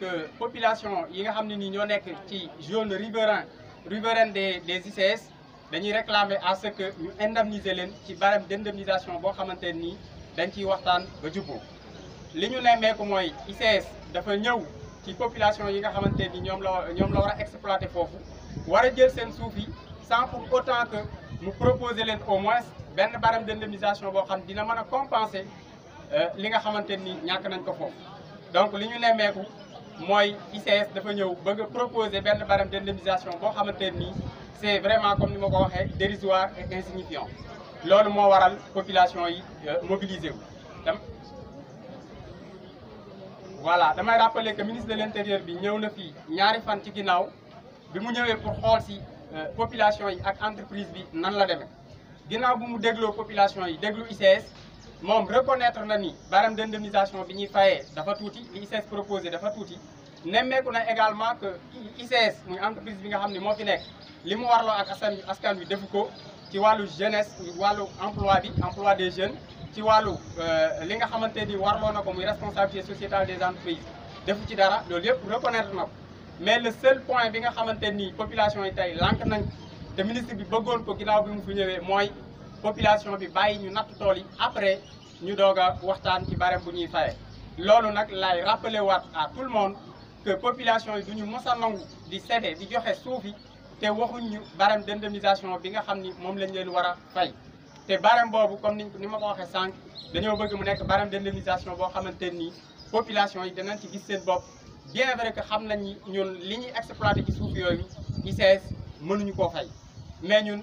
que population yi nga xam ne ñoo nek ci zone riverain riverain des des ICS dañuy réclamer à ce que ñu indemniser leen ci barème d'indemnisation bo xamante ni dañ ciy waxtaan ba jubbo liñu ñu nemmeeku mooy ICS dafa ñëw ci population yi nga xamante ni ñoom la ñom la wara exploiter fofu wara jël sen suuf yi sans pour autant que mu proposer leen au moins ben barème d'indemnisation bo xam dina mëna compenser euh li nga xamante ni ñàkk nañ ko fofu donc liñu ñu nemmeeku mooy ICS dafa ñëw bëgg proposer benn barème d'indemnisation boo xamante c'est vraiment comme ni ma ko waxee dérisoire et insignifiant loolu moo waral population yi euh, mobiliser wu. voilà damay rappeler que ministre de l'intérieur bi ñëw na fii ñaari fan ci ginnaaw bi mu ñëwee pour xool si euh, population yi ak entreprise bi nan la population yi déglu ICS mon reconnaître na ni barème d'indemnisation bi dafa proposé dafa également que ICS une entreprise bi nga fi askan jeunesse emploi des jeunes ci euh, li responsabilité sociétale des entreprises defu ci dara reconnaître mais le seul point bi nga population yi ministre bi bëggoon population bi bàyyi ñu natt tool yi après ñu doga waxtaan ci barème bu ñuy faye loolu nak lay rappeler waat à tout le monde que population yi duñu ñu nangu di céder di joxé soufi té te waxuñ ñu barème d'indemnisation bi nga xamni mom lañ leen wara fay té barème bobu comme ni ni ma ko waxé sank dañoo bëgg mu nekk barème d'indemnisation bo xamante population yi danañ ci gis seen bop bien vrai que xam nañ ñun li ñuy exploité ci suuf yooyu ICS mënuñu ko fay mais ñun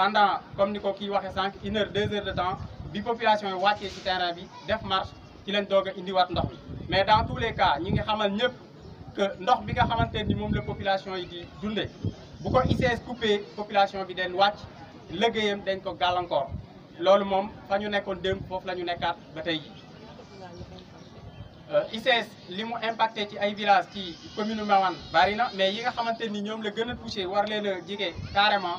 pendant comme ni ko kii waxee sànq une heure deux heures de temps bi population yi wàccee ci terrain bi def marche ci lañ doog a indiwaat ndox mais dans tous les cas ñi ngi xamal ñëpp que ndox bi nga xamante ni moom la population yi di dundee bu ko ICS coupé population bi den wàcc liggéeyam dañ ko gàllankoor loolu moom fa ñu nekkoon démb foofu la ñu nekkaat ba tey jii euh, ICS limu impacté ci ay village ci commune Mawane barina mais yi nga xamanteni ñom la gëna a touché war leen a carrément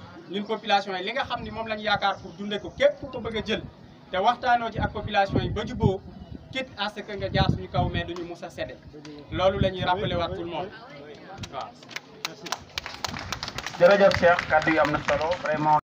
ñun population yi li nga xam ni moom lañ yaakaar pour dundee ko képp ko bëgg a jël te waxtaanoo ci ak population yi ba juboo quitte à nga jaar suñu kaw mais duñu mus a sede loolu la ñuy rappelé waat tout le monde waaw. jërëjëf Cheikh kàddu yi am na solo vraiment.